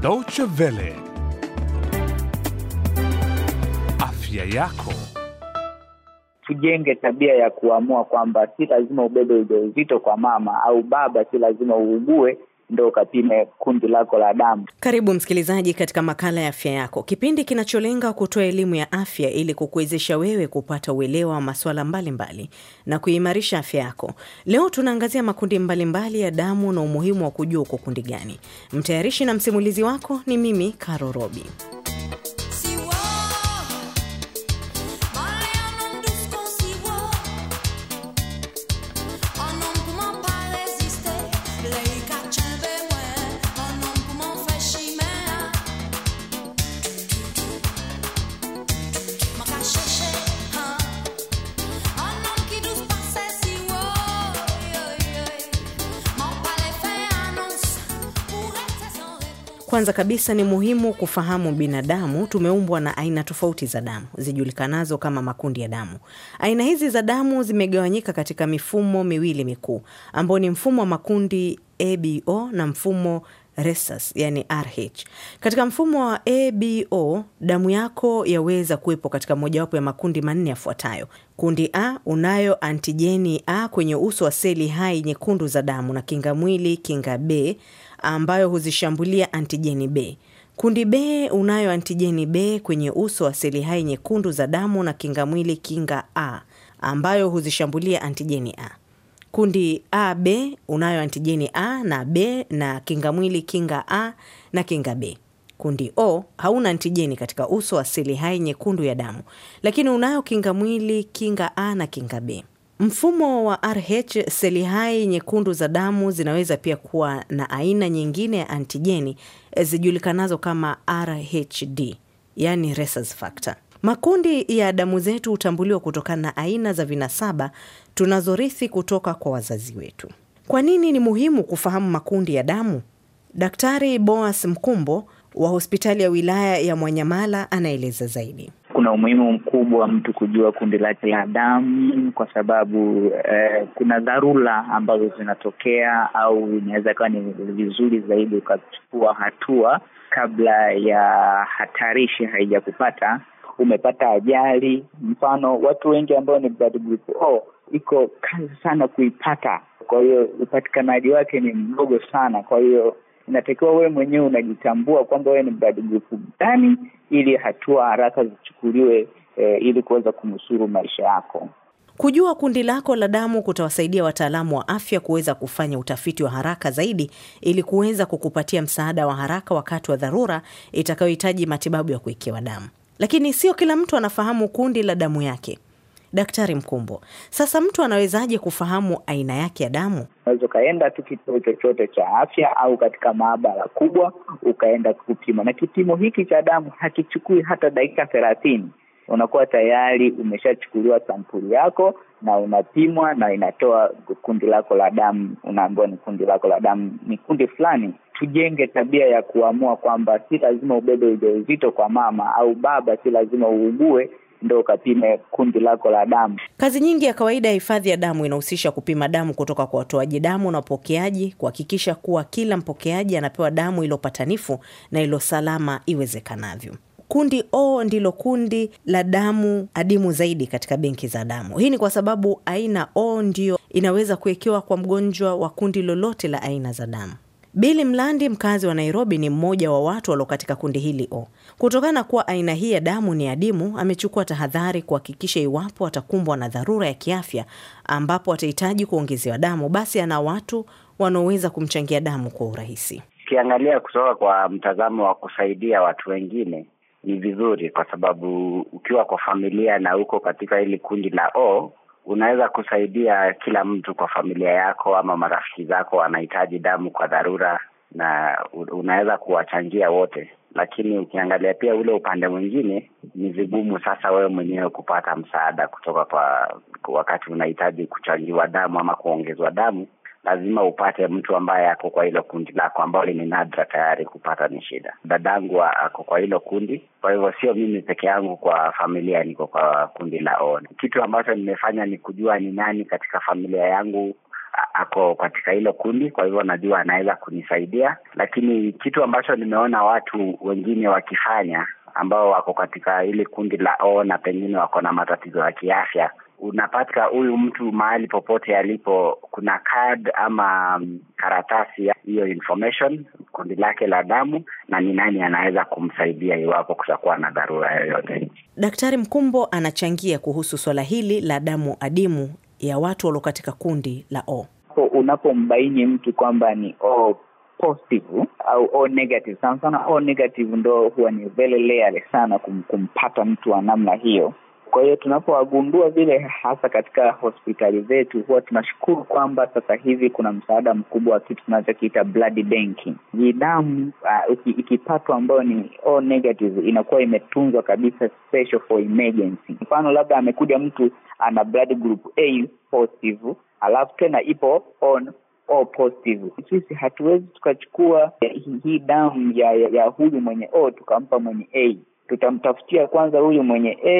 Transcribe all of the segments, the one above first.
Deutsche Welle. Afya yako. Tujenge tabia ya kuamua kwamba si lazima ubebe ujauzito kwa mama au baba, si lazima uugue ndo ukapime kundi lako la damu. Karibu msikilizaji katika makala ya afya yako, kipindi kinacholenga kutoa elimu ya afya ili kukuwezesha wewe kupata uelewa wa masuala mbalimbali na kuimarisha afya yako. Leo tunaangazia makundi mbalimbali mbali ya damu na umuhimu wa kujua uko kundi gani. Mtayarishi na msimulizi wako ni mimi Karo Robi. Kwanza kabisa ni muhimu kufahamu binadamu tumeumbwa na aina tofauti za damu zijulikanazo kama makundi ya damu. Aina hizi za damu zimegawanyika katika mifumo miwili mikuu ambayo ni mfumo wa makundi ABO na mfumo Resus, yani Rh. Katika mfumo wa ABO, damu yako yaweza kuwepo katika mojawapo ya makundi manne yafuatayo. Kundi A, unayo antijeni A kwenye uso wa seli hai nyekundu za damu na kinga mwili kinga B ambayo huzishambulia antijeni B. Kundi B unayo antijeni B kwenye uso wa seli hai nyekundu za damu na kinga mwili kinga A ambayo huzishambulia antijeni A. Kundi AB unayo antijeni A na B na kinga mwili kinga A na kinga B. Kundi O hauna antijeni katika uso wa seli hai nyekundu ya damu, lakini unayo kinga mwili kinga A na kinga B. Mfumo wa Rh, seli hai nyekundu za damu zinaweza pia kuwa na aina nyingine ya antijeni eh, zijulikanazo kama RhD, yani factor. Makundi ya damu zetu hutambuliwa kutokana na aina za vinasaba tunazorithi kutoka kwa wazazi wetu. Kwa nini ni muhimu kufahamu makundi ya damu? Daktari Boas Mkumbo wa hospitali ya wilaya ya Mwanyamala anaeleza zaidi kuna umuhimu mkubwa wa mtu kujua kundi lake la damu, kwa sababu eh, kuna dharura ambazo zinatokea au inaweza kawa ni vizuri zaidi ukachukua hatua kabla ya hatarishi haijakupata. Umepata ajali, mfano watu wengi ambao ni blood group O oh, iko kazi sana kuipata, kwa hiyo upatikanaji wake ni mdogo sana, kwa hiyo inatakiwa wewe mwenyewe unajitambua kwamba wewe ni mradilifu gani, ili hatua haraka zichukuliwe e, ili kuweza kunusuru maisha yako. Kujua kundi lako la damu kutawasaidia wataalamu wa afya kuweza kufanya utafiti wa haraka zaidi ili kuweza kukupatia msaada wa haraka wakati wa dharura itakayohitaji matibabu ya kuwekewa damu. Lakini sio kila mtu anafahamu kundi la damu yake. Daktari Mkumbo, sasa mtu anawezaje kufahamu aina yake ya damu? Unaweza ukaenda tu kituo chochote cha afya au katika maabara kubwa ukaenda kupima, na kipimo hiki cha damu hakichukui hata dakika thelathini unakuwa tayari umeshachukuliwa sampuli yako na unapimwa na inatoa kundi lako la damu, unaambiwa ni kundi lako la damu ni kundi fulani. Tujenge tabia ya kuamua kwamba si lazima ubebe ujauzito kwa mama au baba, si lazima uugue ndo ukapime kundi lako la damu. Kazi nyingi ya kawaida ya hifadhi ya damu inahusisha kupima damu kutoka kwa watoaji damu na wapokeaji, kuhakikisha kuwa kila mpokeaji anapewa damu ilo na ilo salama iwezekanavyo. Kundi O ndilo kundi la damu adimu zaidi katika benki za damu. Hii ni kwa sababu aina O ndio inaweza kuwekewa kwa mgonjwa wa kundi lolote la aina za damu. Billy Mlandi, mkazi wa Nairobi, ni mmoja wa watu walio katika kundi hili o. Kutokana kuwa aina hii ya damu ni adimu, amechukua tahadhari kuhakikisha iwapo atakumbwa na dharura ya kiafya ambapo atahitaji kuongezewa damu, basi ana watu wanaoweza kumchangia damu kwa urahisi. Ukiangalia kutoka kwa mtazamo wa kusaidia watu wengine ni vizuri, kwa sababu ukiwa kwa familia na uko katika hili kundi la O unaweza kusaidia kila mtu kwa familia yako ama marafiki zako wanahitaji damu kwa dharura, na unaweza kuwachangia wote, lakini ukiangalia pia ule upande mwingine, ni vigumu sasa wewe mwenyewe kupata msaada kutoka kwa wakati unahitaji kuchangiwa damu ama kuongezwa damu lazima upate mtu ambaye ako kwa hilo kundi lako, ambalo ni nadra, tayari kupata ni shida. Dadangu ako kwa hilo kundi, kwa hivyo sio mimi peke yangu, kwa familia niko kwa kundi la on Kitu ambacho nimefanya ni kujua ni nani katika familia yangu ako katika hilo kundi, kwa hivyo najua anaweza kunisaidia. Lakini kitu ambacho nimeona watu wengine wakifanya ambao wako katika hili kundi la O na pengine wako na matatizo ya kiafya unapata huyu mtu mahali popote alipo, kuna card ama mm, karatasi ya hiyo information, kundi lake la damu na ni nani anaweza kumsaidia iwapo kutakuwa na dharura yoyote. Daktari Mkumbo anachangia kuhusu swala hili la damu adimu ya watu walio katika kundi la O. Unapombaini mtu kwamba ni O positive au O negative, sana sana O negative ndo huwa ni vile sana kumpata mtu wa namna hiyo kwa hiyo tunapowagundua vile, hasa katika hospitali zetu, huwa tunashukuru kwamba sasa hivi kuna msaada mkubwa wa kitu tunachokiita blood banking. Hii damu uh, ikipatwa ambayo ni O negative inakuwa imetunzwa kabisa special for emergency. Mfano, labda amekuja mtu ana blood group A positive alafu tena ipo on O positive. Sisi hatuwezi tukachukua hii damu ya, ya, ya huyu mwenye O tukampa mwenye A tutamtafutia kwanza huyu mwenye A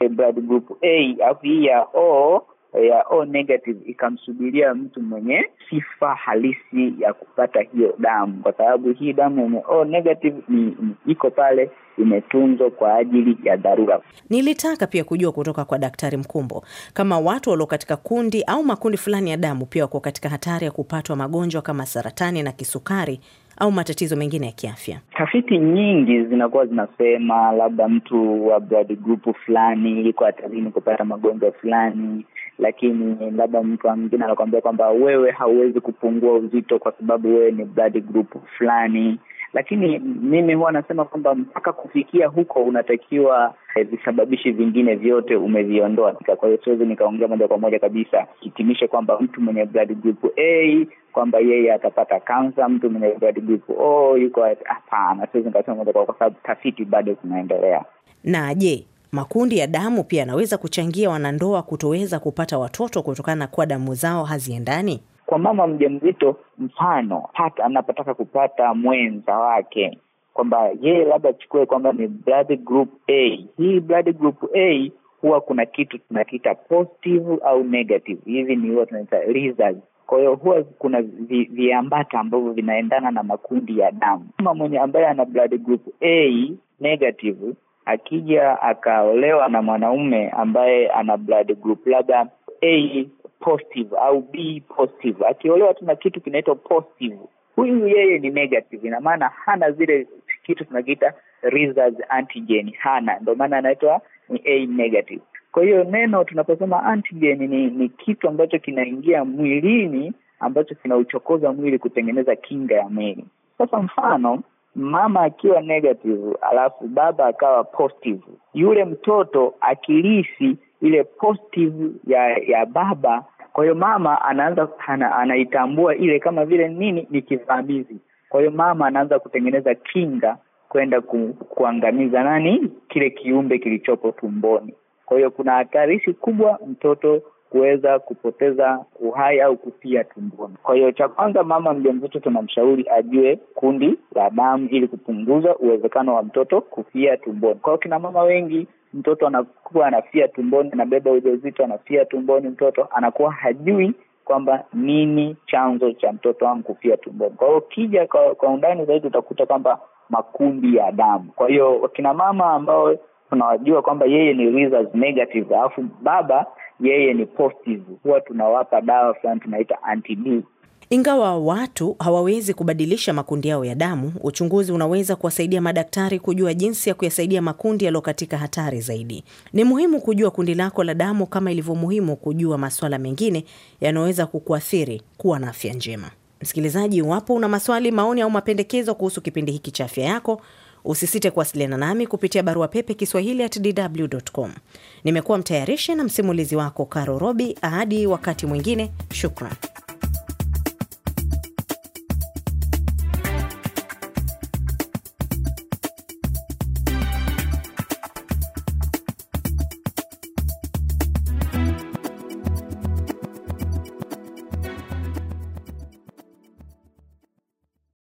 eh, blood group A, alafu hii ya O eh, ya O negative ikamsubiria mtu mwenye sifa halisi ya kupata hiyo damu, kwa sababu hii damu yenye O negative ni iko pale imetunzwa kwa ajili ya dharura. Nilitaka pia kujua kutoka kwa Daktari Mkumbo kama watu walio katika kundi au makundi fulani ya damu pia wako katika hatari ya kupatwa magonjwa kama saratani na kisukari au matatizo mengine ya kiafya? Tafiti nyingi zinakuwa zinasema labda mtu wa blood group fulani iko hatarini kupata magonjwa fulani lakini labda mtu mwingine anakwambia kwamba wewe hauwezi kupungua uzito kwa sababu wewe ni blood group fulani lakini mimi huwa nasema kwamba mpaka kufikia huko unatakiwa eh, visababishi vingine vyote umeviondoa. Kwa hiyo siwezi nikaongea moja kwa moja kabisa hitimishe kwamba mtu mwenye blood group A kwamba yeye atapata kansa, mtu mwenye blood group O yuko hapana. Siwezi nikasema moja kwa, kwa sababu tafiti bado zinaendelea. Na je, Makundi ya damu pia yanaweza kuchangia wanandoa kutoweza kupata watoto kutokana kuwa damu zao haziendani. Kwa mama mjamzito, mfano hata anapotaka kupata mwenza wake kwamba yeye labda achukue kwamba ni blood group A. Hii blood group A huwa kuna kitu tunakiita positive au negative, hivi ni huwa tunaita results. Kwa hiyo huwa kuna vi, viambata ambavyo vinaendana na makundi ya damu. Mama mwenye ambaye ana blood group A negative akija akaolewa na mwanaume ambaye ana blood group labda A positive au B positive, akiolewa tu na kitu kinaitwa positive, huyu yeye ni negative, ina maana hana zile kitu tunakiita antigen, hana, ndio maana anaitwa ni A negative. Kwa hiyo neno tunaposema antigen ni, ni kitu ambacho kinaingia mwilini ambacho kinauchokoza mwili kutengeneza kinga ya mwili. Sasa mfano mama akiwa negative alafu baba akawa positive, yule mtoto akilisi ile positive ya ya baba, kwa hiyo mama anaanza ana, anaitambua ile kama vile nini ni kivamizi. Kwa hiyo mama anaanza kutengeneza kinga kwenda ku, kuangamiza nani kile kiumbe kilichopo tumboni. Kwa hiyo kuna hatarishi kubwa mtoto kuweza kupoteza uhai au kufia tumboni. Kwa hiyo cha kwanza, mama mjamzito tunamshauri ajue kundi la damu ili kupunguza uwezekano wa mtoto kufia tumboni. Kwa hiyo kina mama wengi mtoto anakuwa anafia tumboni, anabeba ujauzito, anafia tumboni, mtoto anakuwa hajui kwamba nini chanzo cha mtoto wangu kufia tumboni. Kwa hiyo kija kwa, kwa undani zaidi utakuta kwamba makundi ya damu. Kwa hiyo wakina mama ambao tunawajua kwamba yeye ni results negative, alafu baba yeye ni positive, huwa tunawapa dawa fulani tunaita anti Ingawa watu hawawezi kubadilisha makundi yao ya damu, uchunguzi unaweza kuwasaidia madaktari kujua jinsi ya kuyasaidia makundi yaliyo katika hatari zaidi. Ni muhimu kujua kundi lako la damu kama ilivyo muhimu kujua masuala mengine yanayoweza kukuathiri kuwa na afya njema. Msikilizaji, iwapo una maswali, maoni au mapendekezo kuhusu kipindi hiki cha afya yako Usisite kuwasiliana nami kupitia barua pepe kiswahili at dw.com. Nimekuwa mtayarishi na msimulizi wako Karo Robi. Hadi wakati mwingine, shukran.